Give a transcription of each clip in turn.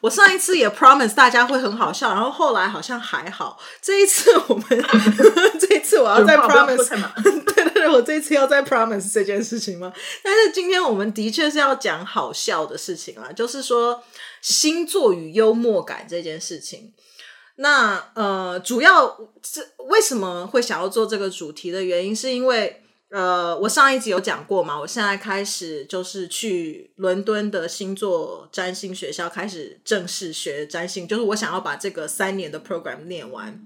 我上一次也 promise 大家會很好笑，然後後來好像還好。這一次我們，呵呵，這一次我要再 promise， 對對對，我這一次要再 promise 這件事情嗎？但是今天我們的確是要講好笑的事情啦，就是說星座與幽默感這件事情。那呃，主要這為什麼會想要做這個主題的原因，是因為。呃，我上一集有講過嘛？我現在開始就是去倫敦的星座占星學校開始正式學占星，就是我想要把這個三年的 program 念完。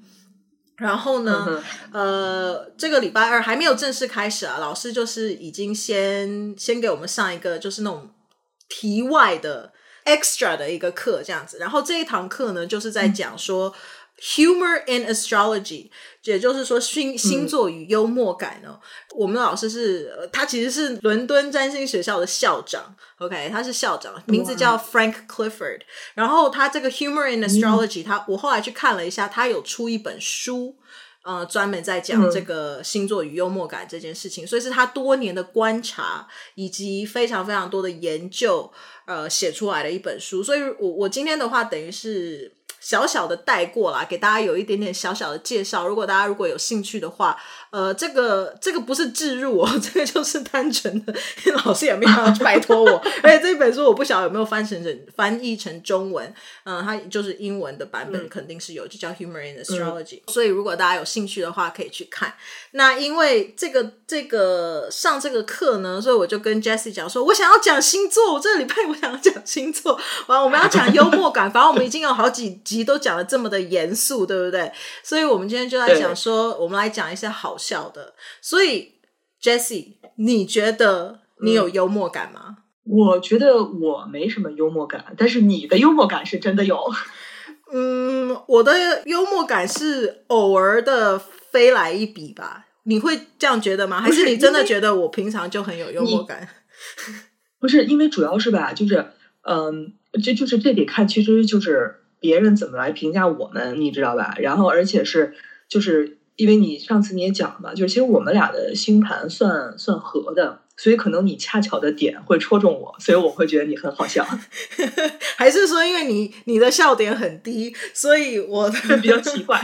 然後呢，呵呵，呃，這個禮拜二還沒有正式開始啊，老師就是已經先先給我們上一個就是那種題外的 extra 的一個課這樣子。然後這一堂課呢，就是在講說。嗯 Humor in Astrology，也就是說，星星座與幽默感哦、喔、嗯，我們的老師是，他其實是倫敦占星學校的校長。OK，他是校長，名字叫 Frank Clifford。然後他這個 Humor in Astrology、嗯、他我後來去看了一下，他有出一本書，呃，專門在講這個星座與幽默感這件事情、嗯。所以是他多年的觀察以及非常非常多的研究，呃，寫出來的一本書。所以我我今天的話，等於是。小小的帶過啦，給大家有一點點小小的介紹。如果大家如果有興趣的話，呃，這個這個不是置入哦，這個就是單純的老師也沒辦法拜托我。 而且這本書我不曉得有沒有翻成成翻譯成中文，嗯、呃，它就是英文的版本肯定是有，嗯，就叫《Humor in Astrology》，嗯。所以如果大家有興趣的話，可以去看。那因為這個這個上這個課呢，所以我就跟 Jessie 講說，我想要講星座，我這個禮拜我想要講星座。完，我們要講幽默感，反正我們已經有好幾。都講了這麼的嚴肅，對不對？所以我們今天就來講說，我們來講一些好笑的。所以，Jesse，你覺得你有幽默感嗎？嗯，我覺得我沒什麼幽默感，但是你的幽默感是真的有。嗯，我的幽默感是偶爾的飛來一筆吧？你會這樣覺得嗎？還是你真的覺得我平常就很有幽默感？不是，因為主要是吧，就是嗯，這就，就是這得看，其實就是。別人怎麼來評價我們，你知道吧？然後，而且是，就是因為你上次你也講了嘛，就是其實我們倆的星盤算算合的，所以可能你恰巧的點會戳中我，所以我會覺得你很好笑啊。 還是說，因為你你的笑點很低，所以我所以比較奇怪，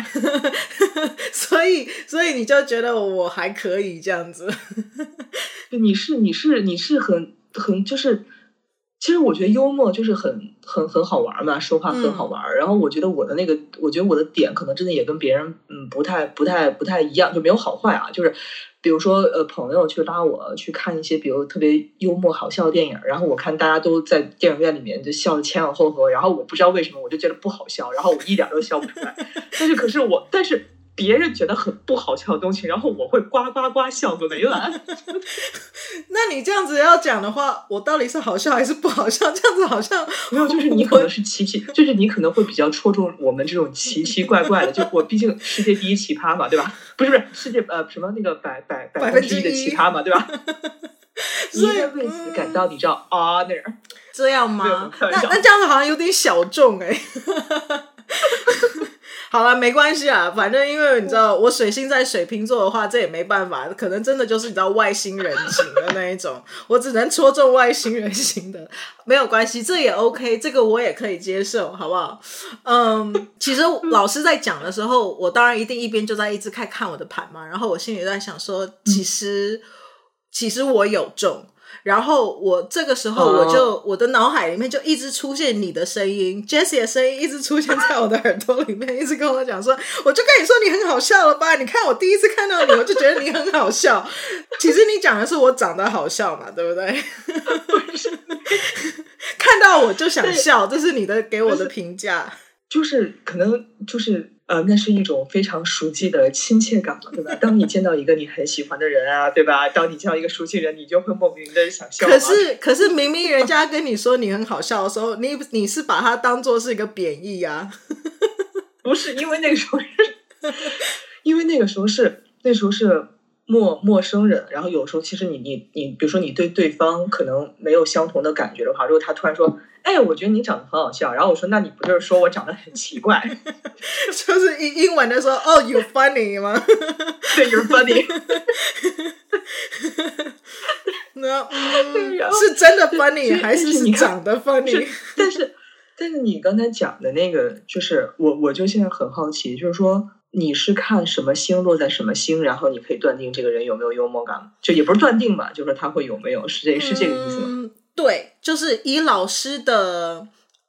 所以所以你就覺得我還可以這樣子 你？你是你是你是很很就是。其實我覺得幽默就是很很很好玩嘛，說話很好玩，嗯。然後我覺得我的那個，我覺得我的點可能真的也跟別人嗯不太不太不太一樣，就沒有好壞啊。就是比如說呃，朋友去拉我去看一些比如特別幽默好笑的電影，然後我看大家都在電影院裡面就笑得前仰後合，然後我不知道為什麼我就覺得不好笑，然後我一點都笑不出來。 但是可是我但是。別人覺得很不好笑的東西，然後我會呱呱呱笑個沒完。 那你這樣子要講的話，我到底是好笑還是不好笑？這樣子好像沒有、嗯，就是你可能是奇奇，就是你可能會比較戳中我們這種奇奇怪怪的。 就我畢竟世界第一奇葩嘛，對吧？不是不是，世界呃什麼那個百百百分之一的奇葩嘛，對吧？ 所以為此、嗯、感到你知道 honor 這樣嗎？那那這樣子好像有點小眾哎。 好了、啊，沒關係啊，反正因為你知道我水星在水瓶座的話，這也沒辦法，可能真的就是你知道外星人型的那一種， 我只能戳中外星人型的，沒有關係，這也 OK，這個我也可以接受，好不好？嗯、um，其實老師在講的時候，我當然一定一邊就在一直看看我的盤嘛，然後我心裡在想說，其實其實我有中。然後我這個時候，我就，哦、我的腦海裡面就一直出現你的聲音 ，Jessie 的聲音一直出現在我的耳朵裡面，一直跟我講說，我就跟你說你很好笑了吧？你看我第一次看到你，我就覺得你很好笑。其實你講的是我長得好笑嘛，對不對？不 看到我就想笑，這是你的給我的評價，就是可能就是。呃，那是一種非常熟悉的親切感嘛，對吧？當你見到一個你很喜歡的人啊，對吧？當你見到一個熟悉人，你就會莫名的想笑。可是，可是明明人家跟你說你很好笑的時候， 你你是把它當做是一個貶義呀、啊。 不是，因為那個時候是，因為那個時候是那時候是。陌陌生人，然後有時候其實你你你，比如說你對對方可能沒有相同的感覺的話，如果他突然說：“哎，我覺得你長得很好笑。”然後我說：“那你不就是說我長得很奇怪？” 就是英英文的說哦 oh, you funny 嗎？對，you funny。 no, um, ”是真的 funny 還是你長得 funny？但是但是你剛才講的那個，就是我我就現在很好奇，就是說。你是看什麼星落在什麼星，然後你可以斷定這個人有沒有幽默感？就也不是斷定吧，就是他會有沒有是這個嗯，是這個意思嗎？對，就是以老師的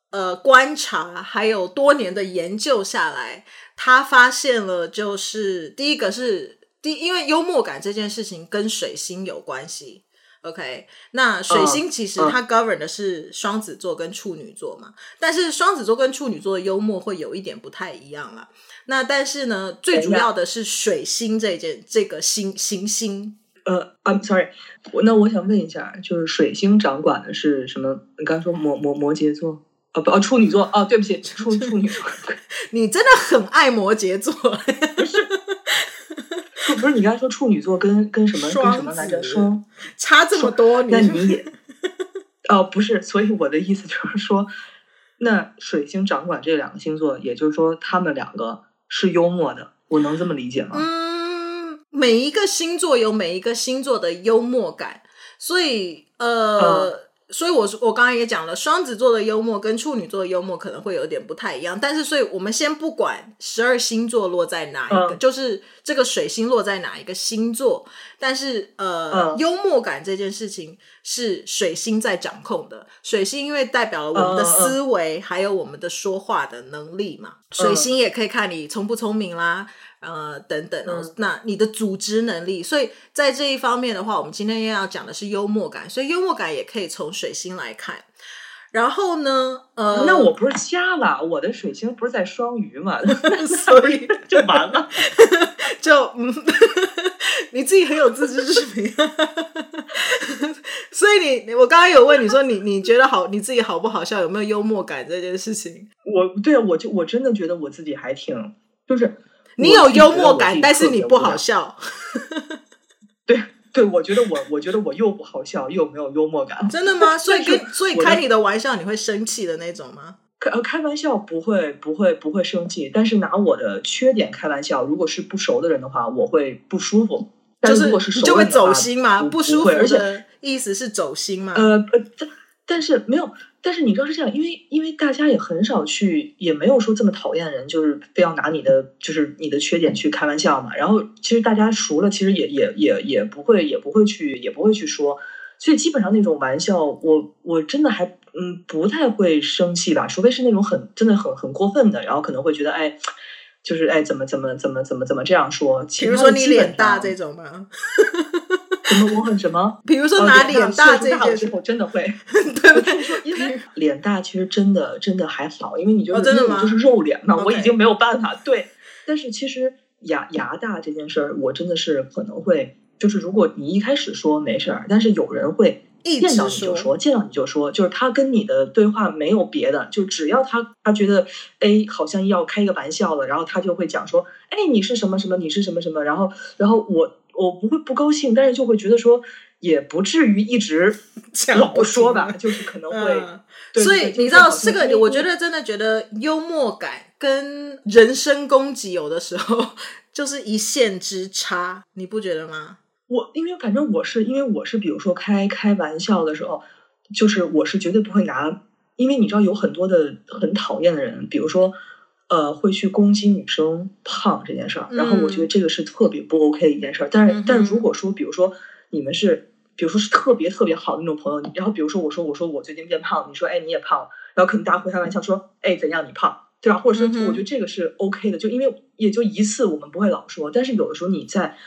呃觀察，還有多年的研究下來，他發現了，就是第一個是第，因為幽默感這件事情跟水星有關係。OK，那水星其實它 govern 的是雙子座跟處女座嘛，uh, uh, 但是雙子座跟處女座的幽默會有一點不太一樣了。那但是呢，最主要的是水星這件這個星行星,星。呃，uh，I'm sorry，我那我想問一下，就是水星掌管的是什麼？你剛剛說摩摩摩羯座，哦不處女座，哦對不起，處處女座， 你真的很愛摩羯座。 不是。不是，你剛才說處女座跟跟什麼跟什麼來着說？說。差這麼多，你那你也 哦，不是，所以我的意思就是說，那水星掌管這兩個星座，也就是說他們兩個是幽默的，我能這麼理解嗎？嗯，每一個星座有每一個星座的幽默感，所以呃。哦所以我說，我剛剛也講了，雙子座的幽默跟處女座的幽默可能會有點不太一樣。但是，所以我們先不管十二星座落在哪一個，uh, 就是這個水星落在哪一個星座。但是，呃，uh, 幽默感這件事情是水星在掌控的。水星因為代表了我們的思維，uh, uh, uh, 還有我們的說話的能力嘛。水星也可以看你聰不聰明啦。呃，等等，那你的組織能力、嗯，所以在這一方面的話，我們今天要講的是幽默感，所以幽默感也可以從水星來看。然後呢，呃，那我不是瞎了？我的水星不是在雙魚嘛？所 以 Sorry, 就完了， 就嗯， 你自己很有自知之明。 所以你，我剛剛有問你說你，你你覺得好，你自己好不好笑？有沒有幽默感這件事情？我對啊，我就我真的覺得我自己還挺，就是。你有幽默感，但是你不好笑。 對對，我覺得我我覺得我又不好笑，又沒有幽默感。 真的嗎？所以跟 所以開你的玩笑你會生氣的那種嗎？開開玩笑不會不會不會生氣，但是拿我的缺點開玩笑，如果是不熟的人的話，我會不舒服。但是如果是熟就是就會走心嗎？不舒服，而且的意思是走心嗎？呃，但、呃、但是沒有。但是你知道是這樣，因為因為大家也很少去，也沒有說這麼討厭人，就是非要拿你的就是你的缺點去開玩笑嘛。然後其實大家熟了，其實也也也也不會也不會去也不會去說，所以基本上那種玩笑我，我我真的還嗯不太會生氣吧，除非是那種很真的很很過分的，然後可能會覺得哎，就是哎怎麼怎麼怎麼怎麼怎麼這樣說，其說？比如說你臉大這種吧。 我我很什麼？比如說拿臉大最好，呃、的，的時候真的會， 對不對？我說因為臉大其實真的真的還好，因為你覺得我就是肉臉嘛，哦，我已經沒有辦法。Okay. 對，但是其實牙牙大這件事兒，我真的是可能會，就是如果你一開始說沒事兒，但是有人會一見到你就說，說，見到你就說，就是他跟你的對話沒有別的，就只要他他覺得誒好像要開一個玩笑的，然後他就會講說，哎，你是什麼什麼，你是什麼什麼，然後然後我。我不會不高興，但是就會覺得說也不至於一直老說吧，不啊、就是可能會。嗯、對所以你知道，四、這個，我覺得真的覺得幽默感跟人身攻擊有的時候就是一線之差，你不覺得嗎？我因為反正我是因為我是比如說開開玩笑的時候，就是我是絕對不會拿，因為你知道有很多的很討厭的人，比如說。呃，會去攻擊女生胖這件事兒，然後我覺得這個是特別不 OK 的一件事。但、嗯、是，但是如果說，比如說你們是，比如說是特別特別好的那種朋友，然後比如說我說我說我最近變胖了，你說哎你也胖了，然後可能大家會開玩笑說哎怎樣你胖，對吧？或者說我覺得這個是 OK 的，嗯、就因為也就一次，我們不會老說。但是有的時候你在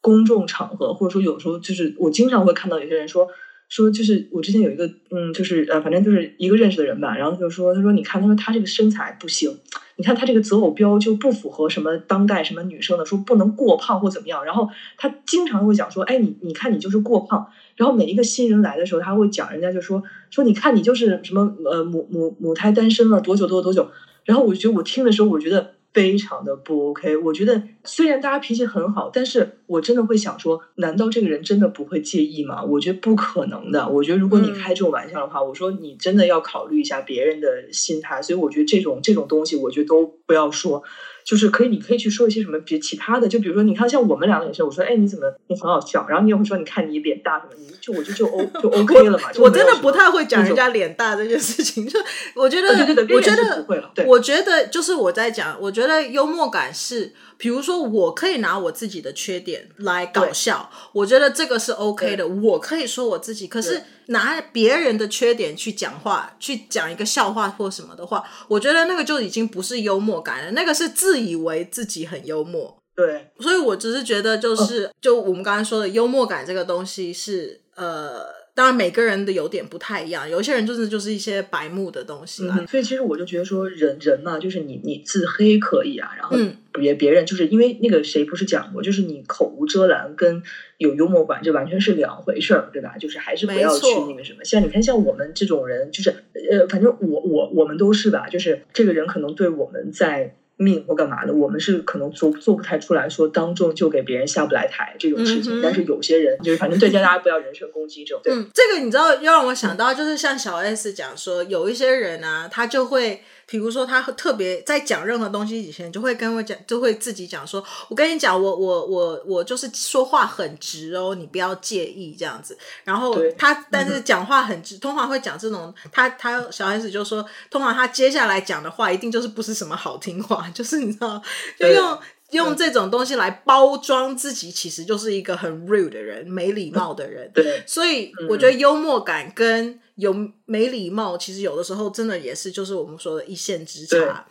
公眾場合，或者說有的時候就是我經常會看到有些人說。說就是我之前有一個嗯，就是呃、啊，反正就是一個認識的人吧，然後就說他說，你看，他說他這個身材不行，你看他這個擇偶標就不符合什麼當代什麼女生的，說不能過胖或怎麼樣。然後他經常會講說，哎，你你看你就是過胖。然後每一個新人來的時候，他會講人家就說說，你看你就是什麼呃母母母胎單身了多久多久多久。然後我就覺得我聽的時候，我覺得。非常的不 OK，我覺得雖然大家脾氣很好，但是我真的會想說，難道這個人真的不會介意嗎？我覺得不可能的。我覺得如果你開這種玩笑的話，嗯、我說你真的要考慮一下別人的心態。所以我覺得這種這種東西，我覺得都不要說。就是可以，你可以去說一些什麼，比其他的，就比如說，你看像我們兩個也是，我說，哎，你怎麼你很好笑，然後你也會說，你看你臉大什麼，你就我就就 O 就 OK 了嘛。我真的不太會講人家臉大這件事情，就我覺得我覺得我覺得就是我在講，我覺得幽默感是。比如說，我可以拿我自己的缺點來搞笑，我覺得這個是 OK 的。我可以說我自己，可是拿別人的缺點去講話、去講一個笑話或什麼的話，我覺得那個就已經不是幽默感了，那個是自以為自己很幽默。對，所以我只是覺得，就是、哦、就我們剛才說的幽默感這個東西是呃。當然，每個人的有點不太一樣，有一些人就是就是一些白目的東西啊。嗯，所以其實我就覺得說人，人人、啊、嘛，就是你你自黑可以啊，然後別別人就是因為那個誰不是講過，就是你口無遮攔跟有幽默感，這完全是兩回事兒，對吧？就是還是不要去那個什麼。像你看，像我們這種人，就是呃，反正我我我們都是吧，就是這個人可能對我們在命或幹嘛的，我們是可能做做不太出來，說當眾就給別人下不來台這種事情。嗯、但是有些人就是，反正對，大家不要人身攻擊這種。對、嗯，這個你知道，又讓我想到、嗯，就是像小 S 講說，有一些人啊，他就會。比如說，他特別在講任何東西以前，就會跟我講，就會自己講說：“我跟你講，我我我我就是說話很直哦，你不要介意這樣子。”然後他，但是講話很直，嗯，通常會講這種。他他小孩子就說，通常他接下來講的話，一定就是不是什麼好聽話，就是你知道，就用用這種東西來包裝自己，其實就是一個很 rude 的人，沒禮貌的人，嗯。對，所以我覺得幽默感跟。有沒禮貌，其實有的時候真的也是，就是我們說的一線之差。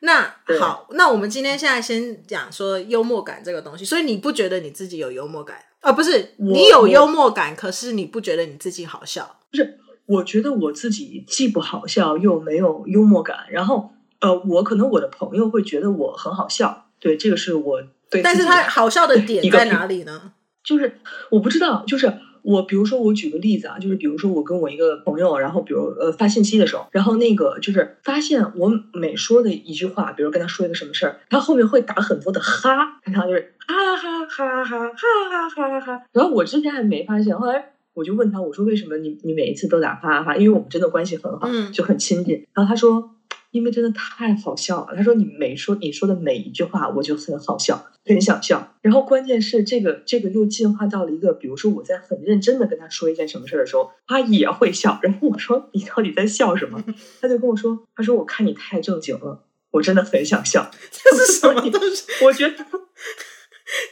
那好，那我們今天現在先講說幽默感這個東西。所以你不覺得你自己有幽默感啊？不是，你有幽默感，可是你不覺得你自己好笑？不是，我覺得我自己既不好笑，又沒有幽默感。然後呃，我可能我的朋友會覺得我很好笑。對，這個是我對。但是他好笑的點在哪裡呢？就是我不知道，就是。我比如說，我舉個例子啊，就是比如說我跟我一個朋友，然後比如呃發信息的時候，然後那個就是發現我每說的一句話，比如跟他說一個什麼事兒，他後面會打很多的哈，然後就是哈哈哈哈哈哈哈哈哈哈。然後我之前還沒發現，後來我就問他，我說為什麼你你每一次都打哈哈哈？因為我們真的關係很好，就很親近。然後他說。因為真的太好笑了，他說你每說你說的每一句話，我就很好笑，很想笑。然後關鍵是這個，這個又進化到了一個，比如說我在很認真的跟他說一件什麼事兒的時候，他也會笑。然後我說你到底在笑什麼？他就跟我說，他說我看你太正經了，我真的很想笑。這是什麼，我說你，這是，我覺得。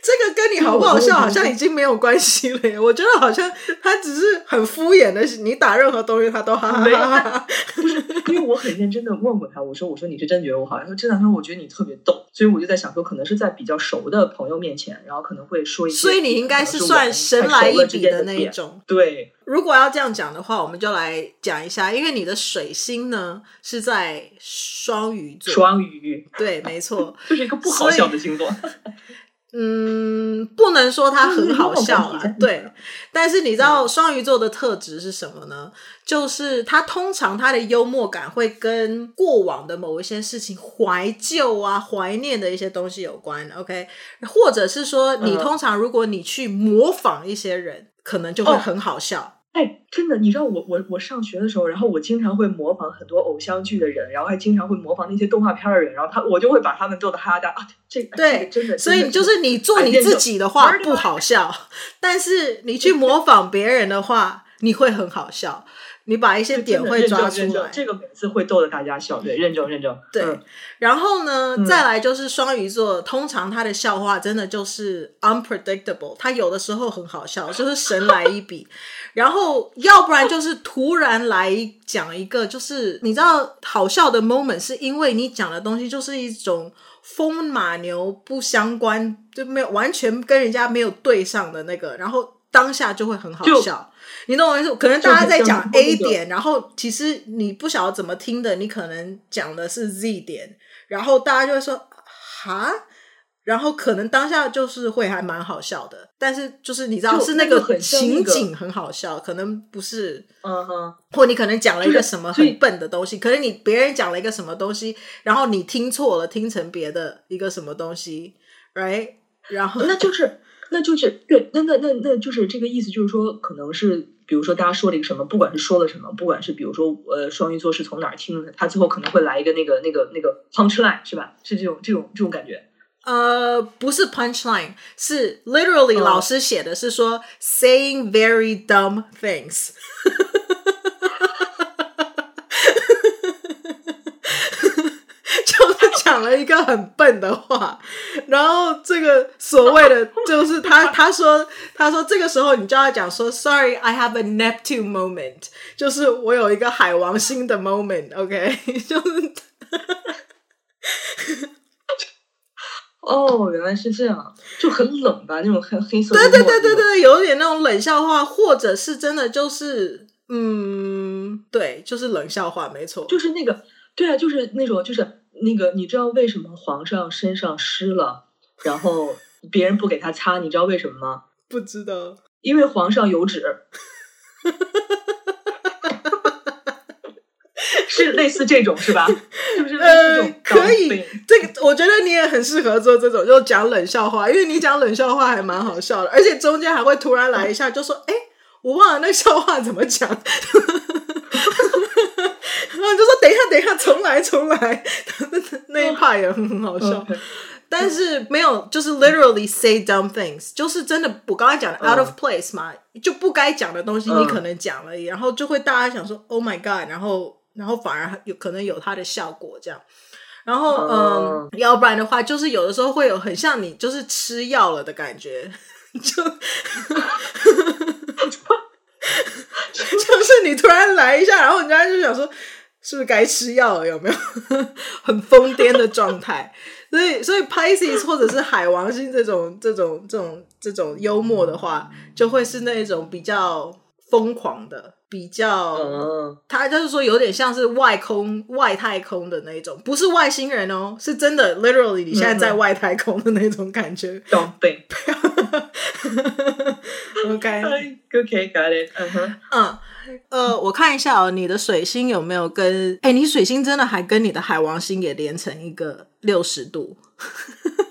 這個跟你好不好笑，好像已經沒有關係了耶。我覺得好像他只是很敷衍的，你打任何東西他都哈哈哈哈哈。不是，因為我很認真的問過他，我說：“我說你是真覺得我好？”他說：“真的，說我覺得你特別逗。”所以我就在想說，可能是在比較熟的朋友面前，然後可能會說一些。所以你應該是算神來一筆的那一種。對，如果要這樣講的話，我們就來講一下，因為你的水星呢是在雙魚座，雙魚對，沒錯， 就是一個不好笑的星座。嗯，不能說他很好笑啊，嗯嗯嗯、對。但是你知道雙魚座的特質是什麼呢？嗯？就是他通常他的幽默感會跟過往的某一些事情懷舊啊、懷念的一些東西有關，OK？或者是說，你通常如果你去模仿一些人，嗯、可能就會很好笑。哦哎，真的，你知道我我我上學的時候，然後我經常會模仿很多偶像劇的人，然後還經常會模仿那些動畫片的人，然後他我就會把他們逗得哈哈大笑，啊這個。對，這個真的，所真的，所以就是你做你自己的話不好笑，啊，但是你去模仿別人的話，你會很好笑。你把一些點會抓出來，這個每次會逗得大家笑。對，認真認真。對，然後呢，嗯，再來就是雙魚座，通常他的笑話真的就是 unpredictable，他有的時候很好笑，就是神來一筆， 然後要不然就是突然來講一個，就是你知道好笑的 moment，是因為你講的東西就是一種風馬牛不相關，就沒有完全跟人家沒有對上的那個，然後當下就會很好笑。你懂我意思？可能大家在講 A 點，然後其實你不曉得怎麼聽的，你可能講的是 Z 點，然後大家就會說“哈”，然後可能當下就是會還蠻好笑的，但是就是你知道就是那個情景、那個、很好笑，可能不是，嗯哼，或你可能講了一個什麼很笨的東西，就是、可能你別人講了一個什麼東西，然後你聽錯了，聽成別的一個什麼東西，right？然後、嗯、那就是那就是對，那那那那就是這個意思，就是說可能是。比如說，大家說了一個什麼，不管是說了什麼，不管是比如說，呃，雙魚座是從哪兒聽的，他最後可能會來一個那個、那個、那個 punch line，是吧？是這種、這種、這種感覺。呃、uh，不是 punch line，是 literally、uh, 老師寫的是說 saying very dumb things。 講了一個很笨的話，然後這個所謂的就是他、oh、他說他說這個時候你就要講說，sorry I have a Neptune moment，就是我有一個海王星的 moment，OK、okay? 就 是，oh，哦，原來是這樣，就很冷吧，那種很黑色的，對對對對對，有點那種冷笑話，或者是真的就是，嗯，對，就是冷笑話，沒錯，就是那個，對啊，就是那種就是。那個，你知道為什麼皇上身上濕了，然後別人不給他擦，你知道為什麼嗎？不知道，因為皇上有紙。 是類似這種是吧？是不是可以，這個 我覺得你也很適合做這種，就講冷笑話，因為你講冷笑話還蠻好笑的，而且中間還會突然來一下，就說：“哎、哦，我忘了那笑話怎麼講。 ”然後就說等一下，等一下，重來，重來。 那一派也很好笑，嗯，但是沒有，就是 literally say dumb things，就是真的。我剛才講的 out of place 嘛、嗯，就不該講的東西你可能講了，嗯，然後就會大家想說 oh my god，然後然後反而有可能有它的效果這樣。然後嗯，嗯，要不然的話，就是有的時候會有很像你就是吃藥了的感覺，就 就是你突然來一下，然後人家就想說。是不是該吃藥了？有沒有 很瘋癲的狀態？ 所以，所以 Pisces 或者是海王星這種、 這種、這種、這種幽默的話，就會是那一種比較瘋狂的。比較，他、oh. 就是說有點像是外空、外太空的那種，不是外星人哦，是真的，literally 你現在在外太空的那種感覺。Don't、mm、be -hmm. OK, OK, got it、uh。-huh. 嗯哼，呃，我看一下哦，你的水星有沒有跟，哎、欸，你水星真的還跟你的海王星也連成一個六十度。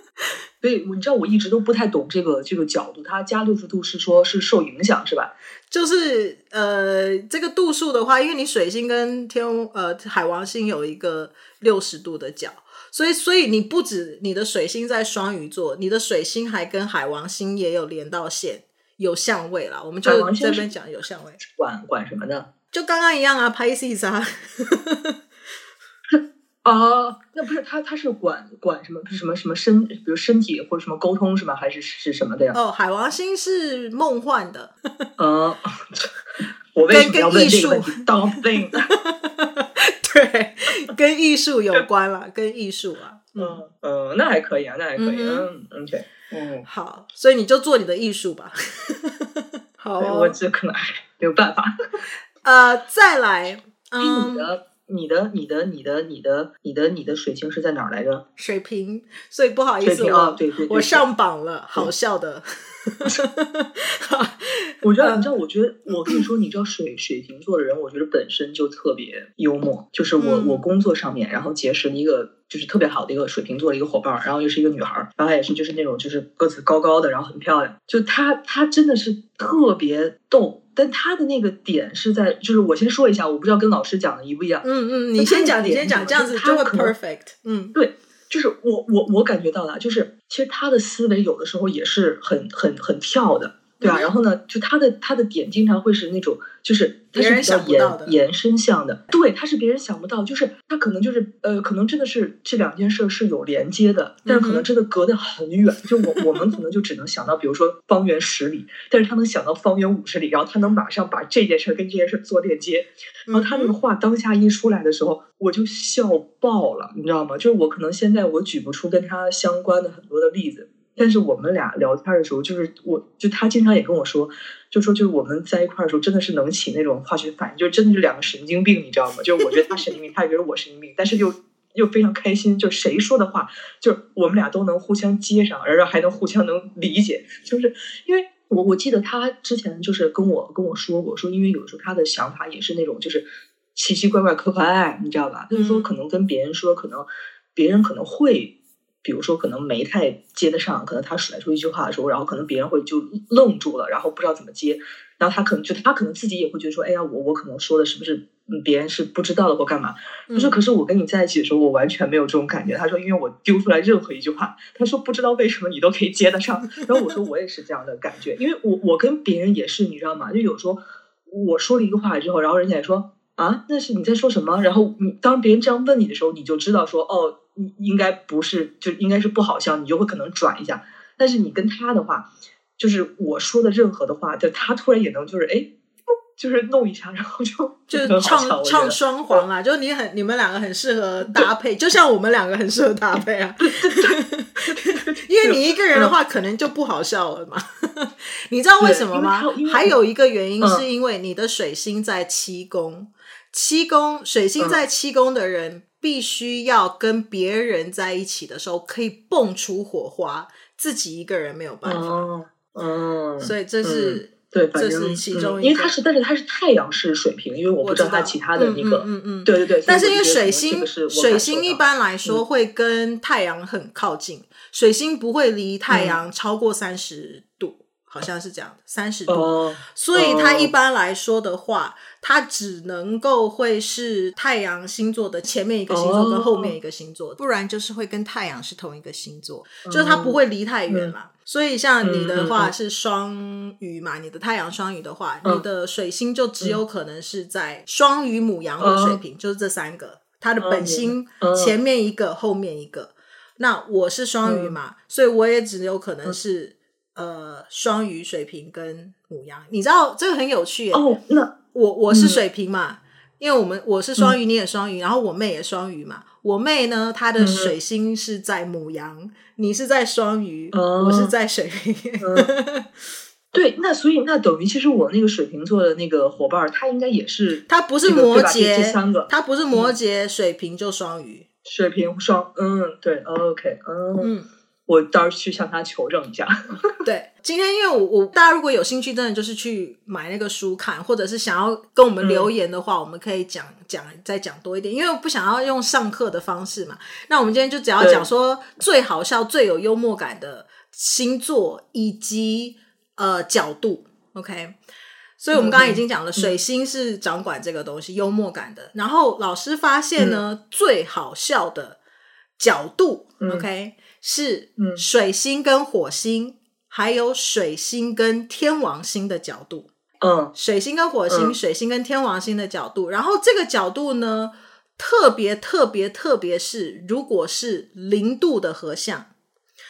所以你知道我一直都不太懂這個這個角度，它加六十度是說是受影響是吧？就是呃，這個度數的話，因為你水星跟天呃海王星有一個六十度的角，所以所以你不止你的水星在雙魚座，你的水星還跟海王星也有連到線，有相位啦。我們就這邊講有相位，管管什麼呢？就剛剛一樣啊，Pisces 啊。 哦、uh,，那不是他，他是管管什麼？什麼什麼，什麼身，比如身體或者什麼溝通是嗎？還是是什麼的呀？哦、oh,，海王星是夢幻的。嗯、 uh,，我為什麼要問這個問題？哈哈哈哈哈哈！對， 跟藝術有關啦， 跟藝術啊。嗯嗯，那還可以啊，那還可以、啊。嗯嗯，對，嗯，好，所以你就做你的藝術吧。 好、哦，我這可能沒有辦法。呃，再來，嗯、um,。你的你的你的你的你的你的水星是在哪兒來着？水瓶，所以不好意思，啊，對對,對，我上榜了，好,好笑的。 我覺得 你知道，我覺得、嗯、我跟你說，你知道,、嗯、你知道水水瓶座的人，我覺得本身就特別幽默。就是我我工作上面，然後結識了一個、嗯、就是特別好的一個水瓶座的一個伙伴兒，然後又是一個女孩兒，然後也是就是那種就是個子高高的，然後很漂亮。就她她真的是特別逗。但他的那個點是在，就是我先說一下，我不知道跟老師講的一不一樣。嗯嗯，你先講，你先講，就是、這樣子就很 perfect。嗯，對，就是我我我感覺到了，就是其實他的思維有的時候也是很很很跳的。對啊，然後呢，就他的他的點經常會是那種，就是他是比較延別人想不到的延伸向的。對，他是別人想不到，就是他可能就是呃，可能真的是這兩件事是有連接的，但是可能真的隔得很遠。嗯、就我我們可能就只能想到， 比如說方圓十里，但是他能想到方圓五十里，然後他能馬上把這件事跟這件事做鏈接。然後他那個話當下一出來的時候，我就笑爆了，你知道嗎？就是我可能現在我舉不出跟他相關的很多的例子。但是我們倆聊天的時候，就是我就他經常也跟我說，就說就是我們在一塊兒的時候，真的是能起那種化學反應，就真的是兩個神經病，你知道嗎？就我覺得他神經病， 他也覺得我神經病，但是又又非常開心，就誰說的話，就我們倆都能互相接上，然後還能互相能理解，就是因為我我記得他之前就是跟我跟我說過，說因為有時候他的想法也是那種就是奇奇怪怪、可可愛愛，你知道吧？就是說可能跟別人說，嗯，可能別人可能會。比如說，可能沒太接得上，可能他甩出一句話的時候，然後可能別人會就愣住了，然後不知道怎麼接，然後他可能就，他可能自己也會覺得說，哎呀，我我可能說的是不是別人是不知道的或幹嘛？他說可是我跟你在一起的時候，我完全沒有這種感覺。嗯、他說，因為我丟出來任何一句話，他說不知道為什麼你都可以接得上。然後我說我也是這樣的感覺， 因為我我跟別人也是，你知道嗎？就有時候我說了一個話之後，然後人家也說。啊，那是你在說什麼？然後你當別人這樣問你的時候，你就知道說哦，應該不是，就應該是不好笑，你就會可能轉一下。但是你跟他的話，就是我說的任何的話，就他突然也能就是哎，就是弄一下，然後就就是唱唱雙簧啊，就你很你們兩個很適合搭配，就像我們兩個很適合搭配啊。 因為你一個人的話，可能就不好笑了嘛。 你知道為什麼嗎？還有一個原因是因為你的水星在七宮。七宮，水星在七宮的人，必須要跟別人在一起的時候可以蹦出火花、嗯，自己一個人沒有辦法。嗯，所以這是、嗯、對，這是其中一個、嗯，因為它是但是它是太陽是水瓶，因為我不知道他其他的一、那個，嗯嗯，嗯，嗯，對對對。但是因為水星水星一般來說會跟太陽很靠近、嗯，水星不會離太陽超過三十度。嗯好像是這樣，三十多，oh, 所以它一般來說的話，oh, 它只能夠會是太陽星座的前面一個星座跟後面一個星座，oh, 不然就是會跟太陽是同一個星座，oh, 就是它不會離太遠嘛。Uh, 所以像你的話是雙魚嘛，uh, 你的太陽雙魚的話，uh, 你的水星就只有可能是在雙魚、牡羊或水瓶，uh, 就是這三個，它的本星前面一個，uh, 後面一個。那我是雙魚嘛，uh, 所以我也只有可能是。呃，雙魚、水瓶跟牡羊，你知道這個很有趣哦。Oh, 那我我是水瓶嘛，嗯、因為我們我是雙魚、嗯，你也雙魚，然後我妹也雙魚嘛。我妹呢，她的水星是在牡羊，嗯、你是在雙魚、嗯，我是在水瓶。嗯 嗯、對，那所以那等於其實我那個水瓶座的那個夥伴，他應該也是他不是摩羯，這三個他不是摩羯、嗯水，水瓶就雙魚，水瓶雙嗯對，OK 嗯。嗯我到時候去向他求證一下。 對，今天因為我我大家如果有興趣，真的就是去買那個書看，或者是想要跟我們留言的話，嗯、我們可以講講再講多一點，因為我不想要用上課的方式嘛。那我們今天就只要講說最好笑、最有幽默感的星座以及呃角度。OK，所以我們剛剛已經講了，嗯、水星是掌管這個東西、嗯、幽默感的。然後老師發現呢，嗯、最好笑的角度。嗯、OK。是，嗯，水星跟火星、嗯，還有水星跟天王星的角度，嗯，水星跟火星，嗯、水星跟天王星的角度，然後這個角度呢，特別特別特別是如果是零度的合相，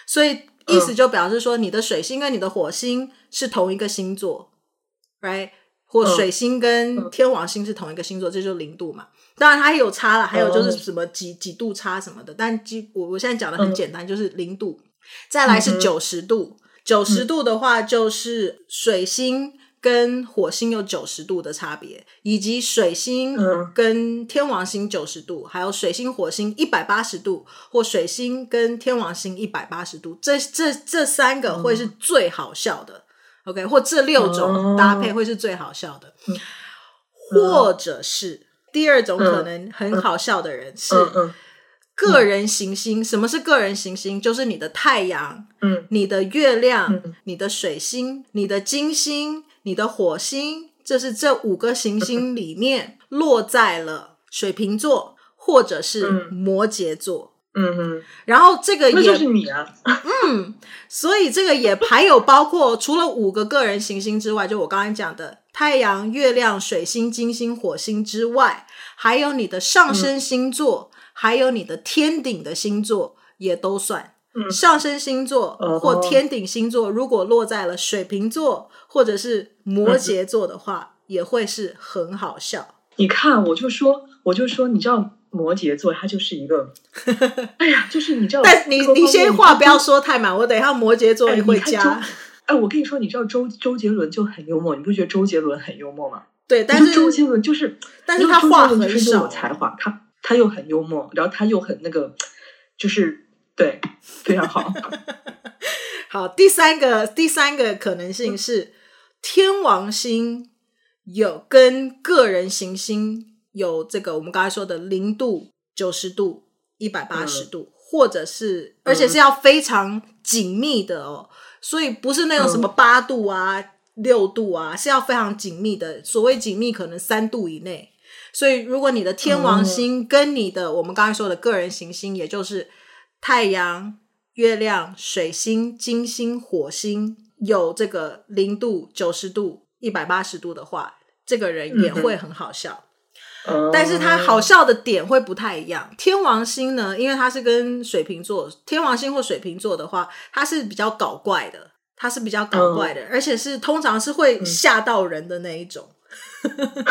所以意思就表示說，你的水星跟你的火星是同一個星座，嗯，right，或水星跟天王星是同一個星座，這就是零度嘛。當然，它也有差啦，還有就是什麼幾、oh. 幾度差什麼的。但幾我我現在講的很簡單，oh. 就是零度，再來是九十度。mm-hmm. 九十度的話，就是水星跟火星有九十度的差別，以及水星跟天王星九十度，oh. 還有水星火星一百八十度，或水星跟天王星一百八十度。這這這三個會是最好笑的，oh. OK，或這六種搭配會是最好笑的，oh. 或者是。第二種可能很好笑的人是個人行星。嗯、什麼是個人行星？就是你的太陽、嗯、你的月亮、嗯、你的水星、你的金星、你的火星，這、就是這五個行星裡面落在了水瓶座或者是摩羯座。嗯哼，然後這個也，那就是你啊，嗯，所以這個也還有包括除了五個個人行星之外，就我剛才講的太陽、月亮、水星、金星、火星之外，還有你的上升星座，嗯，還有你的天頂的星座也都算，嗯。上升星座或天頂星座如果落在了水瓶座或者是摩羯座的話，嗯，也會是很好笑。你看，我就說，我就說，你知道。摩羯座，他就是一個，哎呀，就是你知道， 但你你先話不要說太滿，我等一下摩羯座也會加哎。哎，我跟你說，你知道周周杰倫就很幽默，你不覺得周杰倫很幽默嗎？對，但是周杰倫就是，但是他話很少，有才華，他他又很幽默，然後他又很那個，就是對，非常好。 好，第三個第三個可能性是天王星有跟個人行星，有這個我們剛才說的零度、九十度、一百八十度、嗯，或者是，而且是要非常緊密的哦，嗯、所以不是那種什麼八度啊、六度啊、嗯，是要非常緊密的。所謂緊密，可能三度以內。所以，如果你的天王星跟你的我們剛才說的個人行星、嗯，也就是太陽、月亮、水星、金星、火星，有這個零度、九十度、一百八十度的話，這個人也會很好笑。嗯但是他好笑的點會不太一樣。Oh. 天王星呢，因為他是跟水瓶座，天王星或水瓶座的話，他是比較搞怪的，他是比較搞怪的，oh. 而且是通常是會嚇到人的那一種，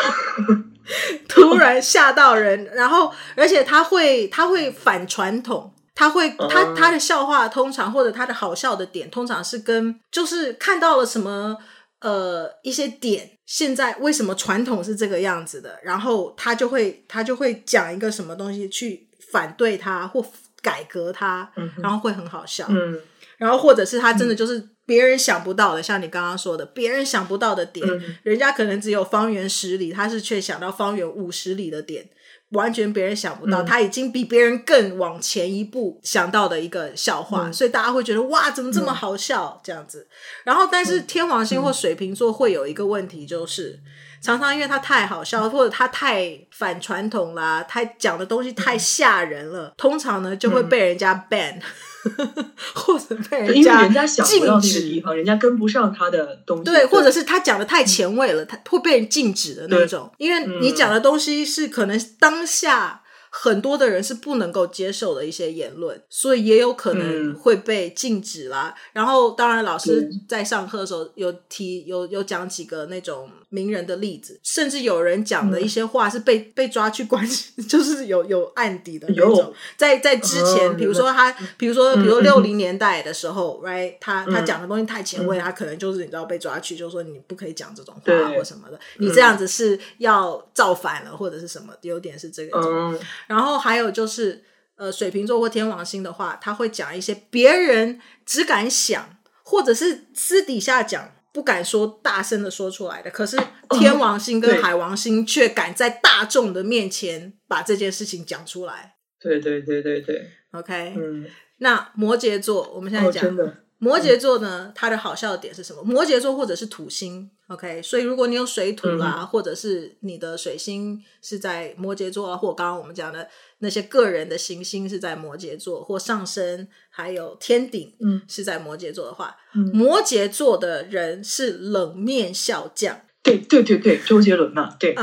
突然嚇到人。然後，而且他會，他會反傳統，他會，oh. 他他的笑話通常或者他的好笑的點通常是跟就是看到了什麼。呃，一些點，現在為什麼傳統是這個樣子的？然後他就會他就會講一個什麼東西去反對他或改革他，嗯，然後會很好笑，嗯。然後或者是他真的就是別人想不到的。嗯，像你剛剛說的，別人想不到的點，嗯，人家可能只有方圓十里，他是卻想到方圓五十里的點。完全別人想不到，嗯、他已經比別人更往前一步想到的一個笑話，嗯、所以大家會覺得哇，怎麼這麼好笑？嗯、這樣子。然後，但是天王星或水瓶座會有一個問題，就是。嗯嗯常常因為他太好笑，或者他太反傳統啦、啊，他講的東西太嚇人了、嗯，通常呢就會被人家 ban，呵呵呵， 或者被人家禁止。人家想不到這個地方，人家跟不上他的東西，對，對或者是他講的太前衛了，他、嗯、會被人禁止的那種。因為你講的東西是可能當下。很多的人是不能夠接受的一些言論，所以也有可能會被禁止啦。嗯、然後，當然，老師在上課的時候有提有有講幾個那種名人的例子，甚至有人講的一些話是被、嗯、被抓去關，就是有有案底的那種。有在在之前，哦、比如說他，比如說比如說六零年代的時候、嗯、，right，他他講的東西太前衛、嗯，他可能就是你知道被抓去，就是說你不可以講這種話或什麼的，你這樣子是要造反了或者是什麼，有點是這個。嗯然後還有就是，呃，水瓶座或天王星的話，他會講一些別人只敢想，或者是私底下講不敢說，大聲的說出來的。可是天王星跟海王星卻敢在大眾的面前把這件事情講出來。對對對對對，OK，嗯，那摩羯座我們現在講、哦真的嗯，摩羯座呢，它的好笑的點是什麼？摩羯座或者是土星。OK，所以如果你有水土啦、啊嗯，或者是你的水星是在摩羯座，啊，或剛剛我們講的那些個人的行星是在摩羯座，或上升還有天頂是在摩羯座的話，嗯、摩羯座的人是冷面笑匠、嗯嗯。對對對對，周杰倫嘛、啊，對，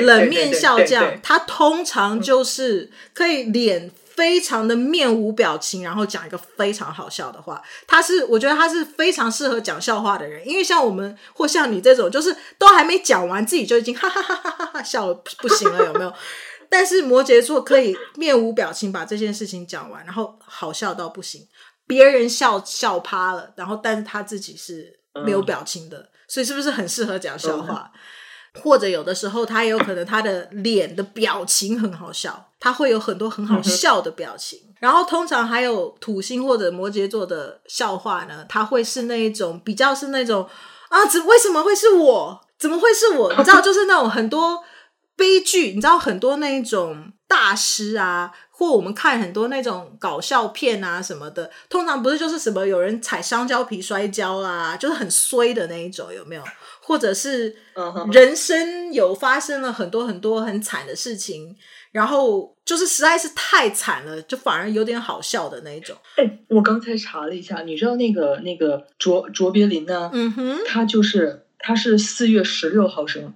嗯，冷面笑匠對對對對對對對，他通常就是可以臉。非常的面無表情，然後講一個非常好笑的話。他是，我覺得他是非常適合講笑話的人，因為像我們或像你這種，就是都還沒講完，自己就已經哈哈哈哈哈哈笑，笑了，不行了，有沒有？ 但是摩羯座可以面無表情把這件事情講完，然後好笑到不行，別人笑笑趴了，然後但是他自己是沒有表情的，Uh-huh. 所以是不是很適合講笑話？Uh-huh. 或者有的時候，他也有可能他的臉的表情很好笑，他會有很多很好笑的表情。嗯、然後通常還有土星或者摩羯座的笑話呢，他會是那一種比較是那種啊，怎為什麼會是我？怎麼會是我？你知道，就是那種很多悲劇，你知道很多那一種大師啊，或我們看很多那種搞笑片啊什麼的，通常不是就是什麼有人踩香蕉皮摔跤啊，就是很衰的那一種，有沒有？或者是人生有發生了很多很多很慘的事情，然後就是實在是太慘了，就反而有點好笑的那一種。哎，我剛才查了一下，你知道那個那個卓卓別林呢？嗯哼，他就是他是四月十六號生。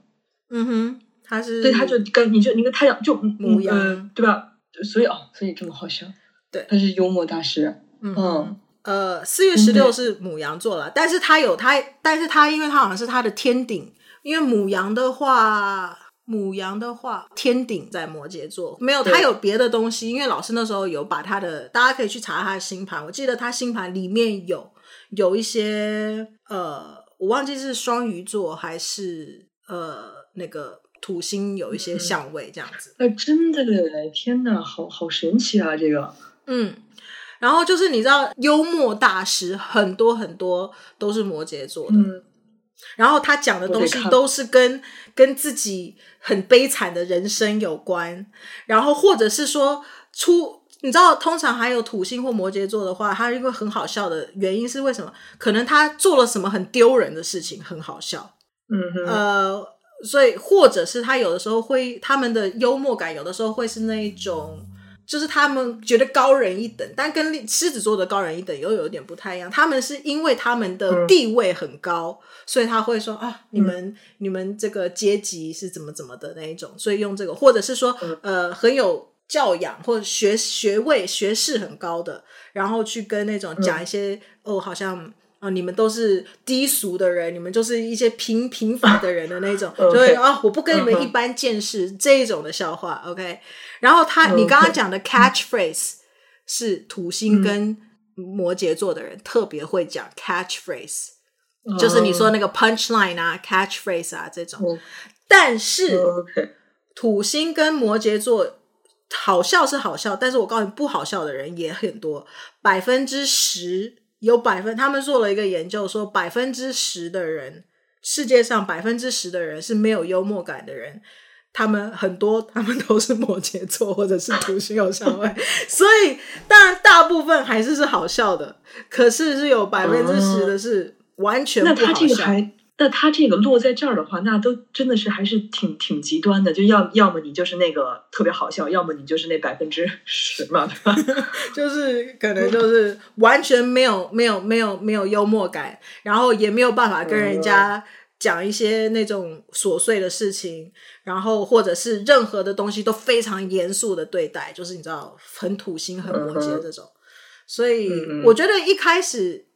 嗯哼，他是對他就跟你就你跟太陽就、嗯、母羊、呃、對吧？所以啊、哦，所以這麼好笑，對，他是幽默大師，嗯哼。嗯呃，四月十六是牡羊座了，但是他有他，但是他因為他好像是他的天頂，因為牡羊的話，牡羊的話天頂在摩羯座，沒有，他有別的東西，因為老師那時候有把他的，大家可以去查他的星盤，我記得他星盤裡面有有一些呃，我忘記是雙魚座還是呃那個土星有一些相位這樣子。哎、嗯啊，真的嘞！天哪，好好神奇啊，這個，嗯。然後就是你知道，幽默大師很多很多都是摩羯座的。嗯。然後他講的東西都是跟跟自己很悲慘的人生有關。然後或者是說出你知道，通常還有土星或摩羯座的話，他因為很好笑的原因是為什麼？可能他做了什麼很丟人的事情，很好笑。嗯哼。呃，所以或者是他有的時候會他們的幽默感有的時候會是那一種。就是他們覺得高人一等，但跟獅子座的高人一等又有一點不太一樣。他們是因為他們的地位很高，嗯、所以他會說啊、嗯，你們你們這個階級是怎麼怎麼的那一種，所以用這個，或者是說呃很有教養，或學學位學士很高的，然後去跟那種講一些、嗯、哦，好像啊、哦、你們都是低俗的人，你們就是一些平平凡凡的人的那種，就會啊，所以、嗯、所以啊我不跟你們一般見識這一種的笑話、嗯嗯，OK。然後他，okay. 你剛剛講的 catchphrase 是土星跟摩羯座的人特別會講 catchphrase，、嗯、就是你說那個 punchline 啊，catchphrase 啊這種。Okay. 但是、okay. 土星跟摩羯座好笑是好笑，但是我告訴你不好笑的人也很多。百分之十有百分，他們做了一個研究說，百分之十的人，世界上百分之十的人是沒有幽默感的人。他們很多，他們都是摩羯座或者是土星有相位， 所以當然大部分還是是好笑的，可是是有百分之十的是完全不好笑，哦。那他這個還，那他這個落在這兒的話，那都真的是還是挺挺極端的，就要要麼你就是那個特別好笑，要麼你就是那百分之十嘛， 就是可能就是完全沒有沒有沒有沒有幽默感，然後也沒有辦法跟人家、嗯。講一些那種瑣碎的事情，然後或者是任何的東西都非常嚴肅的對待，就是你知道，很土星、很摩羯的這種。所以我覺得一開始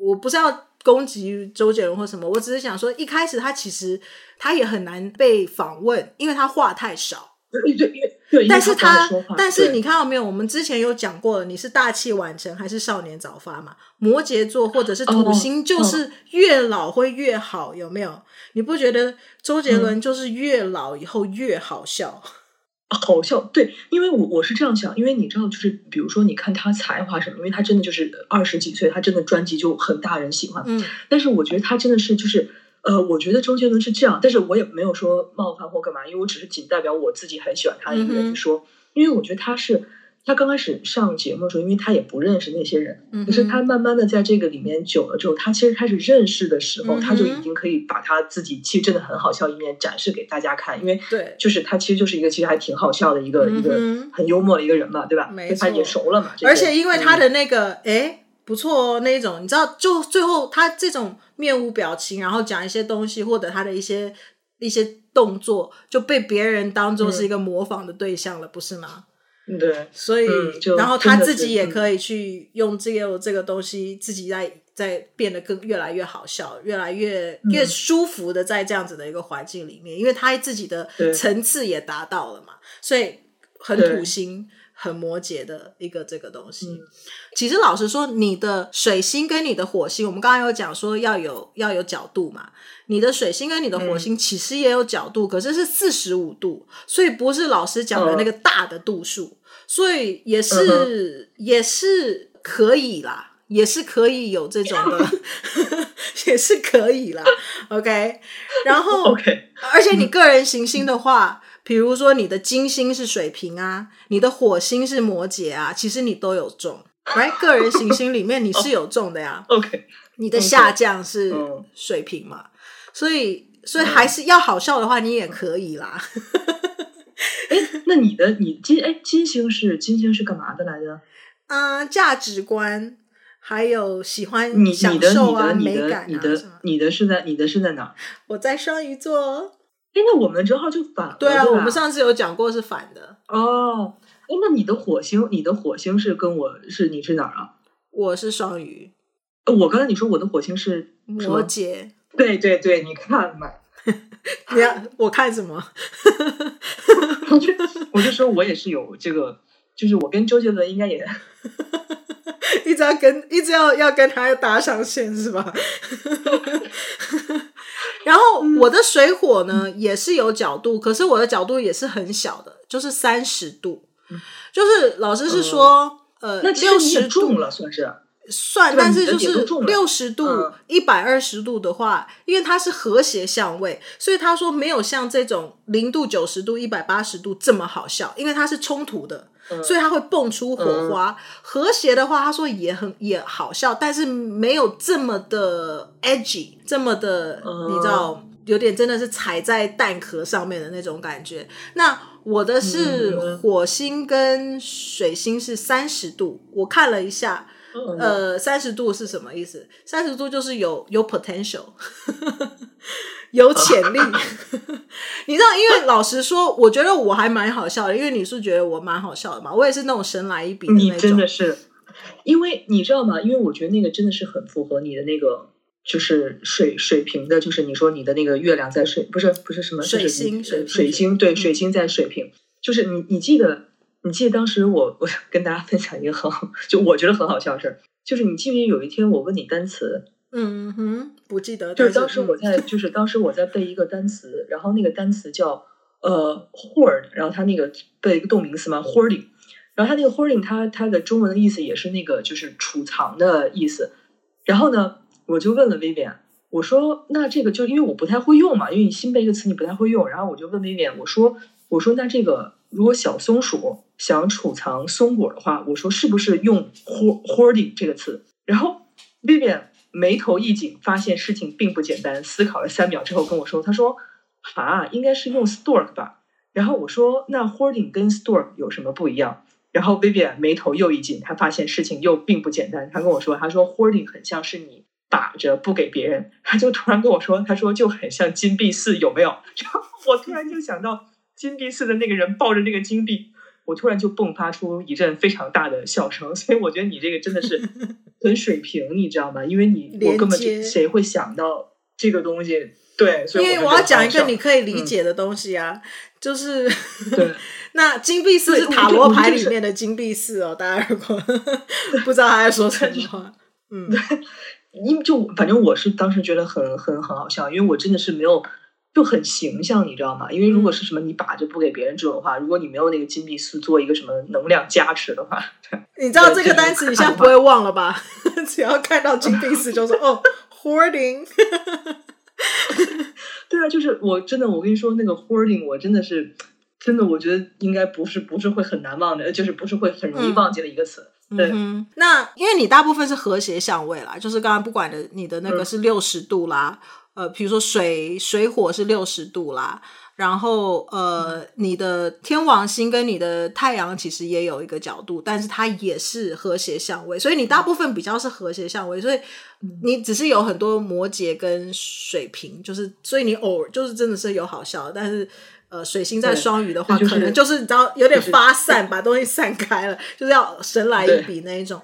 我不是要攻擊周杰倫或什麼，我只是想說，一開始他其實他也很難被訪問，因為他話太少。 對對對，對，但是他，但是你看到沒有？我們之前有講過了，你是大器晚成還是少年早發嘛？摩羯座或者是土星，就是越老會越好，哦，有沒有？你不覺得周杰倫就是越老以後越好笑？嗯，好笑，對，因為我我是這樣想，因為你知道，就是比如說，你看他才華什麼，因為他真的就是二十幾歲，他真的專輯就很大人喜歡。嗯，但是我覺得他真的是就是。呃，我覺得周杰倫是這樣，但是我也沒有說冒犯或幹嘛，因為我只是僅代表我自己很喜歡他的一個人說、嗯，因為我覺得他是他剛開始上節目的時候，因為他也不認識那些人，嗯、可是他慢慢的在這個裡面久了之後，他其實開始認識的時候，嗯、他就已經可以把他自己其實真的很好笑一面展示給大家看，因為對，就是他其實就是一個其實還挺好笑的一個、嗯、一個很幽默的一個人嘛，對吧？沒他也熟了嘛，而且因為他的那個哎，嗯誒不錯哦，那一種你知道，就最後他這種面無表情，然後講一些東西，或者他的一些一些動作，就被別人當做是一個模仿的對象了，嗯、不是嗎？對，所以、嗯、就然後他自己也可以去用這個、嗯、用這個東西，自己在在變得更越來越好笑，越來越、嗯、越舒服的在這樣子的一個環境裡面，因為他自己的層次也達到了嘛，所以很土星。很摩羯的一個這個東西，嗯、其實老實說，你的水星跟你的火星，我們剛剛有講說要有要有角度嘛。你的水星跟你的火星其實也有角度，嗯、可是是四十五度，所以不是老師講的那個大的度數，嗯、所以也是、嗯、也是可以啦，也是可以有這種的， 也是可以啦。 OK，然後 okay. 而且你個人行星的話。嗯嗯比如說你的金星是水瓶啊，你的火星是摩羯啊，其實你都有中，來、right, 個人行星裡面你是有中的呀。 oh, OK，你的下降是水瓶嘛？Okay. 所以，所以還是要好笑的話，你也可以啦。 欸、那你的你金哎、欸、金星是金星是幹嘛的來着？啊、嗯，價值觀，還有喜歡你、享受啊、你的你的你的、美感啊、你的你的是在你的是在哪？我在雙魚座、哦。誒，那我們之後就反了對啊對！我們上次有講過是反的哦。哎，那你的火星，你的火星是跟我是你是哪兒啊？我是雙魚。哦，我剛才你說我的火星是摩羯。對對對，你看嘛。你要，我看什麼？ 我就我就說我也是有這個，就是我跟周杰倫應該也 一直要跟一直要要跟他搭上線是吧？ 然後我的水火呢，嗯，也是有角度，可是我的角度也是很小的，就是三十度，嗯，就是老師是說，嗯，呃，六十度了算是啊？算，但是就是六十度、一百二十度的話、嗯，因為它是和諧相位，所以他說沒有像這種零度、九十度、一百八十度這麼好笑，因為它是衝突的、嗯，所以它會蹦出火花。嗯、和諧的話，他說也很也好笑，但是沒有這麼的 edgy，這麼的，嗯、你知道，有點真的是踩在蛋殼上面的那種感覺。那我的是火星跟水星是三十度，我看了一下。呃，三十度是什麼意思？三十度就是有有 potential， 有潛潛力。 你知道，因為老實說，我覺得我還蠻好笑的，因為你是覺得我蠻好笑的嘛。我也是那種神來一筆的，你真的是。因為你知道嗎？因為我覺得那個真的是很符合你的那個，就是水水瓶的，就是你說你的那個月亮在水，不是不是什麼，水星、就是、水星對、嗯、水星在水瓶，就是你你記得。你記得當時我我跟大家分享一個很就我覺得很好笑的事兒，就是你記不記得有一天我問你單詞？嗯哼，不記得。就是當時我在 就是當時我在背一個單詞，然後那個單詞叫呃 hoard，然後他那個背一個動名詞嘛 hoarding，然後它那個 hoarding，他他的中文的意思也是那個就是儲藏的意思。然後呢，我就問了 Vivian，我說那這個就因為我不太會用嘛，因為你新背一個詞你不太會用，然後我就問 Vivian，我說。我說：“那這個，如果小松鼠想儲藏松果的話，我說是不是用 ho hoarding 這個詞？”然後 Vivian 眉頭一緊，發現事情並不簡單。思考了三秒之後，跟我說：“他說，啊，應該是用 store 吧。”然後我說：“那 hoarding 跟 store 有什麼不一樣？”然後 Vivian 眉頭又一緊，他發現事情又並不簡單。他跟我說：“他說 hoarding 很像是你把着不給別人。”他就突然跟我說：“他說就很像金幣四，有沒有？”然後我突然就想到。金幣四的那個人抱着那個金幣，我突然就迸發出一陣非常大的笑聲。所以我覺得你這個真的是很水平， 你知道嗎？因為你我根本就，誰會想到這個東西？對，因為所以我，我要講一個你可以理解的東西啊，嗯、就是對 那金幣四是塔羅牌裡面的金幣四哦，大家如果，不知道他在說什麼對。嗯，因為就反正我是當時覺得很很很好笑，因為我真的是沒有。就很形象，你知道嗎？因為如果是什麼你把就不給別人住的話，如果你沒有那個金幣四做一個什麼能量加持的話，你知道這個單詞，你現在不會忘了吧？ 只要看到金幣四，就說 哦，hoarding。 對啊，就是我真的，我跟你說那個 hoarding，我真的是真的，我覺得應該不是不是會很難忘的，就是不是會很容易忘記的一個詞。嗯、對、嗯，那因為你大部分是和諧相位啦，就是剛剛不管的你的那個是六十度啦。嗯呃，比如說水水火是六十度啦，然後呃、嗯，你的天王星跟你的太陽其實也有一個角度，但是它也是和諧相位，所以你大部分比較是和諧相位，所以你只是有很多摩羯跟水瓶，就是所以你偶爾就是真的是有好笑的，但是呃，水星在雙魚的話，可能就是、就是、你知道有點發散、就是，把東西散開了， 就是要神來一筆那一種。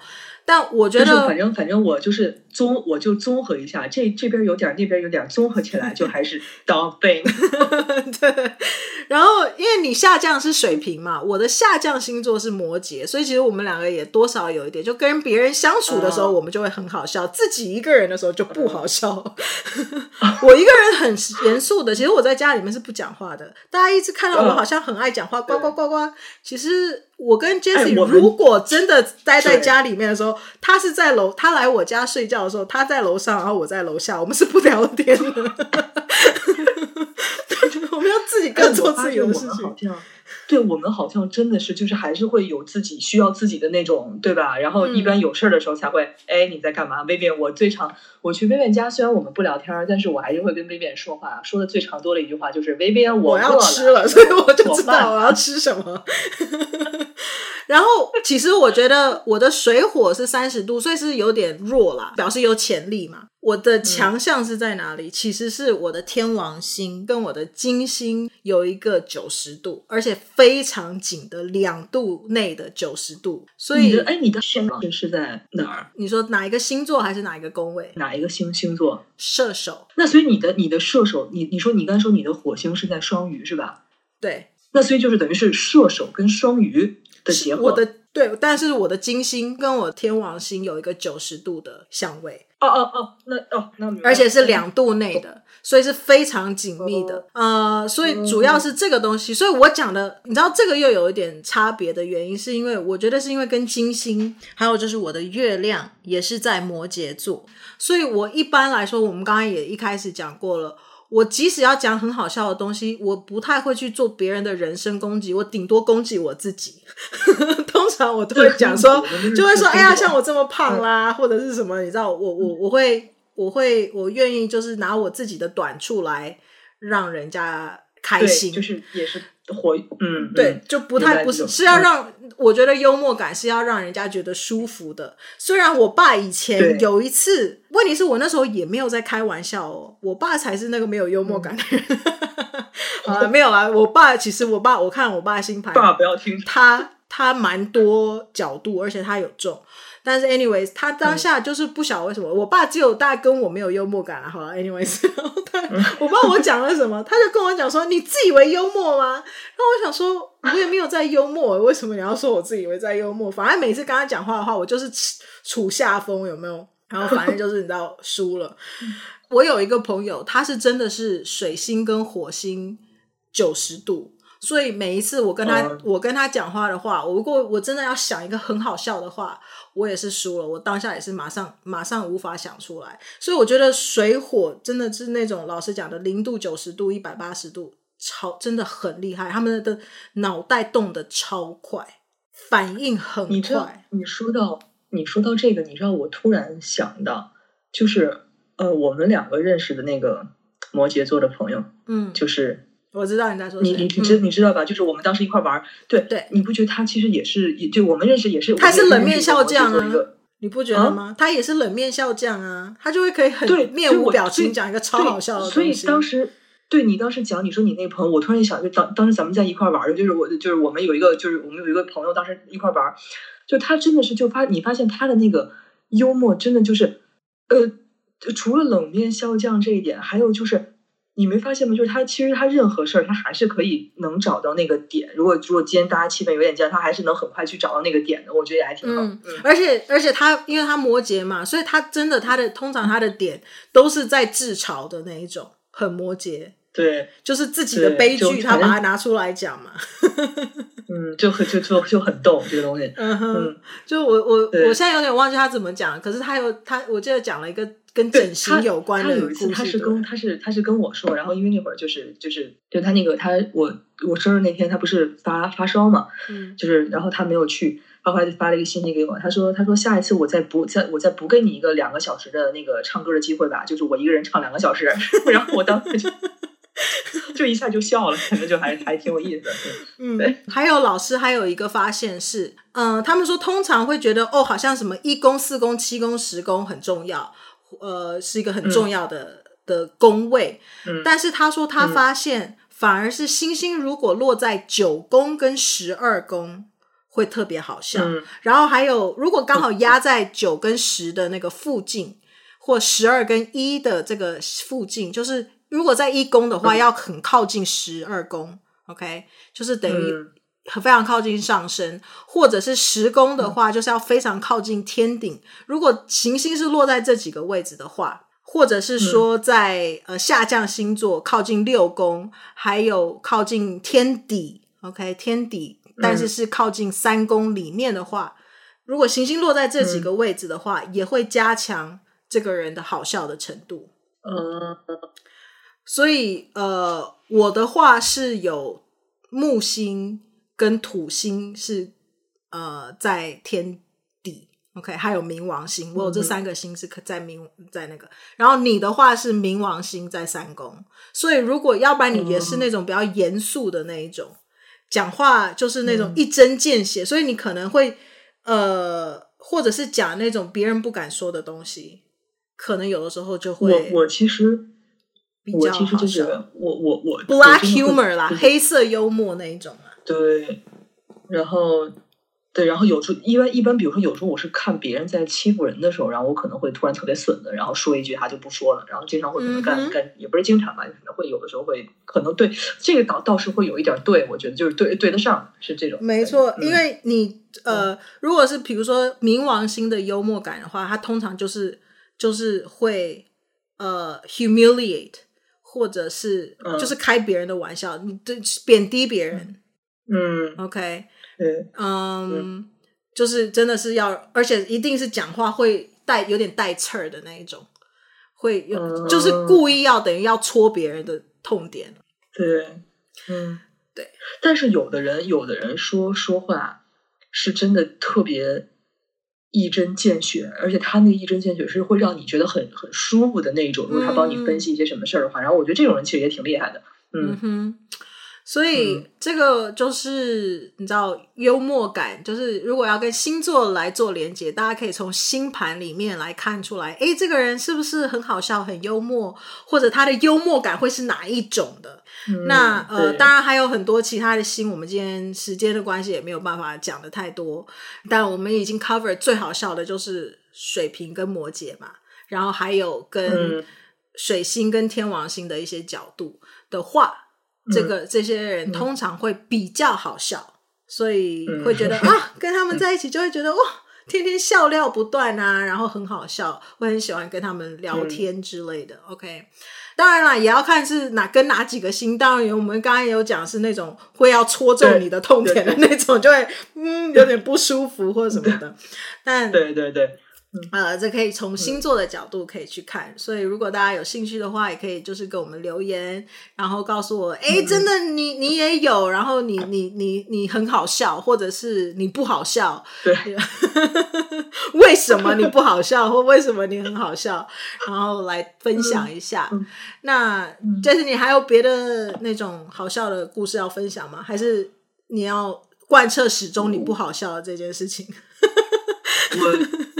但我覺得，反正反正我就是綜，我就綜合一下，這這邊有點，那邊有點，綜合起來就還是倒背。對。 然後，因為你下降是水瓶嘛，我的下降星座是摩羯，所以其實我們兩個也多少有一點，就跟別人相處的時候，我們就會很好笑；oh. 自己一個人的時候就不好笑。Oh. 我一個人很嚴肅的，其實我在家裡面是不講話的。大家一直看到我好像很愛講話，oh. 呱，呱呱呱呱。其實我跟 Jesse 如果真的待在家裡面的時候，oh. 他是在樓，他來我家睡覺的時候，他在樓上，然後我在樓下，我們是不聊天的。 更做自己的事情，好像 對，我們好像真的是，就是還是會有自己需要自己的那種，對吧？然後一般有事兒的時候才會，哎、嗯，你在幹嘛？Vivian，我最常，我去 Vivian 家，雖然我們不聊天，但是我還是會跟 Vivian 說話，說的最常多的一句話就是 Vivian，我，我要吃了，所以我就知道我要吃什麼。 然後，其實我覺得我的水火是三十度，所以是有點弱啦，表示有潛力嘛。我的強項是在哪裡？嗯。其實是我的天王星跟我的金星有一個九十度，而且非常緊的兩度內的九十度。所以，哎，你的天王星是在哪兒？你說哪一個星座還是哪一個宮位？哪一個星星座？射手。那所以你的你的射手，你你說你剛才說你的火星是在雙魚是吧？對。那所以就是等於是射手跟雙魚的結合。對，但是我的金星跟我天王星有一個九十度的相位，哦哦哦，那哦那，而且是兩度內的，哦、所以是非常緊密的、哦，呃，所以主要是這個東西、哦，所以我講的，你知道這個又有一點差別的原因，是因為我覺得是因為跟金星，還有就是我的月亮也是在摩羯座，所以我一般來說，我們剛才也一開始講過了。我即使要講很好笑的東西，我不太會去做別人的人身攻擊，我頂多攻擊我自己。 通常我都會講說， 就會說，哎呀，像我這麼胖啦，嗯、或者是什麼，你知道，我我我會，我會，我願意就是拿我自己的短處來讓人家開心，就是也是。 回嗯，對，嗯、就不太不是是要讓、嗯，我覺得幽默感是要讓人家覺得舒服的。雖然我爸以前有一次，問題是我那時候也沒有在開玩笑哦，我爸才是那個沒有幽默感的人、嗯 啊、 沒有啊，我爸其實我爸，我看我爸星盤爸爸不要聽，他他蠻多角度，而且他有重。但是，anyways，他當下就是不曉得為什麼、嗯。我爸只有大概跟我沒有幽默感了、啊。好，anyways 然後他我不知道我講了什麼，他就跟我講說：“你自以為幽默嗎？”然後我想說，我也沒有在幽默， 為什麼你要說我自以為在幽默？反正每次跟他講話的話，我就是處下風，有沒有？然後反正就是你知道輸 了。我有一個朋友，他是真的是水星跟火星九十度，所以每一次我跟他、嗯、我跟他講話的話，我如果我真的要想一個很好笑的話。我也是輸了，我當下也是馬上馬上無法想出來，所以我覺得水火真的是那種老師講的零度、九十度、一百八十度，超真的很厲害，他們的腦袋動得超快，反應很快。你，你說到你說到這個，你知道我突然想到，就是呃，我們兩個認識的那個摩羯座的朋友，嗯，就是。我知道你在說誰。你你你知你知道吧、嗯？就是我們當時一塊兒玩兒，對對。你不覺得他其實也是，也就我們認識也是。他是冷面笑匠啊！你不覺得嗎？嗯、他也是冷面笑匠啊！他就會可以很面無表情講一個超好笑的東西。所以當時，對，你當時講，你說你那朋友，我突然一想，就當當時咱們在一塊兒玩兒，就是我就是我們有一個就是我們有一個朋友，當時一塊兒玩兒，就他真的是就發你發現他的那個幽默真的就是，呃，除了冷面笑匠這一點，還有就是。你沒發現嗎？就是他，其實他任何事兒，他還是可以能找到那個點。如果如果今天大家氣氛有點僵，他還是能很快去找到那個點的。我覺得也還挺好。嗯，而且而且他，因為他摩羯嘛，所以他真的他的通常他的點都是在自嘲的那一種，很摩羯。對，就是自己的悲劇，他把它拿出來講嘛。 嗯，就很就就就很逗這個東西。嗯哼，嗯，就我我我現在有點忘記他怎麼講，可是他有他我記得講了一個。跟整形有關的，有一次他是跟他是他是跟我說，然後因為那會兒就是就是就他那個他我我生日那天他不是發發燒嘛，嗯，就是然後他沒有去，然後就發了一個信息給我，他說他說下一次我再補再我再補給你一個兩個小時的那個唱歌的機會吧，就是我一個人唱兩個小時，然後我當時就 就一下就笑了，可能就還還挺有意思的。嗯，對。還有老師還有一個發現是，嗯、呃，他們說通常會覺得哦，好像什麼一宮四宮七宮十宮很重要。呃，是一個很重要的、嗯、的宮位、嗯，但是他說他發現、嗯，反而是星星如果落在九宮跟十二宮會特別好笑，嗯、然後還有如果剛好壓在九跟十的那個附近，嗯、或十二跟一的這個附近，就是如果在一宮的話、嗯，要很靠近十二宮，OK，就是等於。嗯非常靠近上升，或者是十宮的話、嗯，就是要非常靠近天頂。如果行星是落在這幾個位置的話，或者是說在、嗯、呃下降星座靠近六宮，還有靠近天底，OK 天底，但是是靠近三宮裡面的話，嗯、如果行星落在這幾個位置的話、嗯，也會加強這個人的好笑的程度。嗯、所以呃，我的話是有木星。跟土星是呃在天底，OK，還有冥王星，我有這三個星是可在冥在那個。然後你的話是冥王星在三宮，所以如果要不然你也是那種比較嚴肅的那一種，講、嗯、話就是那種一針見血、嗯，所以你可能會呃，或者是講那種別人不敢說的東西，可能有的時候就會我。我其實比較好笑，我其實就是我我我 black humor 啦我，黑色幽默那一種。對，然後對，然後有時候一般一般，一般比如說有時候我是看別人在欺負人的時候，然後我可能會突然特別損的，然後說一句他就不說了，然後經常會可能幹、嗯、幹，也不是經常吧，可能會有的時候會可能對，這個倒倒是會有一點對，我覺得就是對對得上是這種沒錯、嗯，因為你呃、哦，如果是比如說冥王星的幽默感的話，他通常就是就是會呃 humiliate 或者是就是開別人的玩笑，嗯、你貶低別人。嗯嗯，OK，嗯、um，就是真的是要，而且一定是講話會帶有點帶刺兒的那一種，會有、嗯、就是故意要等於要戳別人的痛點。對，嗯，對。但是有的人，有的人說說話是真的特別一針見血，而且他那一針見血是會讓你覺得很很舒服的那種。如果他幫你分析一些什麼事兒的話、嗯，然後我覺得這種人其實也挺厲害的。嗯，嗯哼。所以、嗯、這個就是你知道幽默感，就是如果要跟星座來做連接，大家可以從星盤裡面來看出來，誒，這個人是不是很好笑，很幽默，或者他的幽默感會是哪一種的？嗯、那呃，當然還有很多其他的星，我們今天時間的關係也沒有辦法講得太多，但我們已經 cover 最好笑的就是水瓶跟摩羯嘛，然後還有跟水星跟天王星的一些角度的話。這個這些人通常會比較好笑，嗯、所以會覺得、嗯、啊，跟他們在一起 就會覺得哇，天天笑料不斷啊，然後很好笑，會很喜歡跟他們聊天之類的。嗯、OK，當然啦，也要看是哪跟哪幾個心，當然我們剛才有講是那種會要戳中你的痛點的那種， 就會嗯有點不舒服或什麼的。但對對對。嗯、呃，這可以從星座的角度可以去看，嗯，所以如果大家有興趣的話，也可以就是給我們留言，然後告訴我，哎、欸，真的你你也有，嗯嗯，然後你你你你很好笑，或者是你不好笑，對， 為什麼你不好笑，或為什麼你很好笑，然後來分享一下。嗯嗯、那就是你還有別的那種好笑的故事要分享嗎？還是你要貫徹始終你不好笑的這件事情？嗯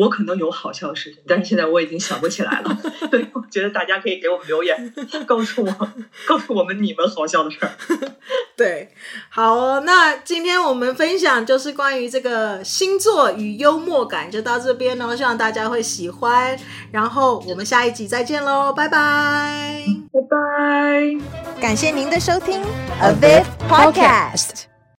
我可能有好笑的事情，但是現在我已經想不起來了。 對，我覺得大家可以給我們留言，告訴我，告訴我們你們好笑的事兒。 對，好、哦，那今天我們分享就是關於這個星座與幽默感，就到這邊嘍。希望大家會喜歡，然後我們下一集再見嘍，拜拜，拜拜，感謝您的收聽 avivPodcast。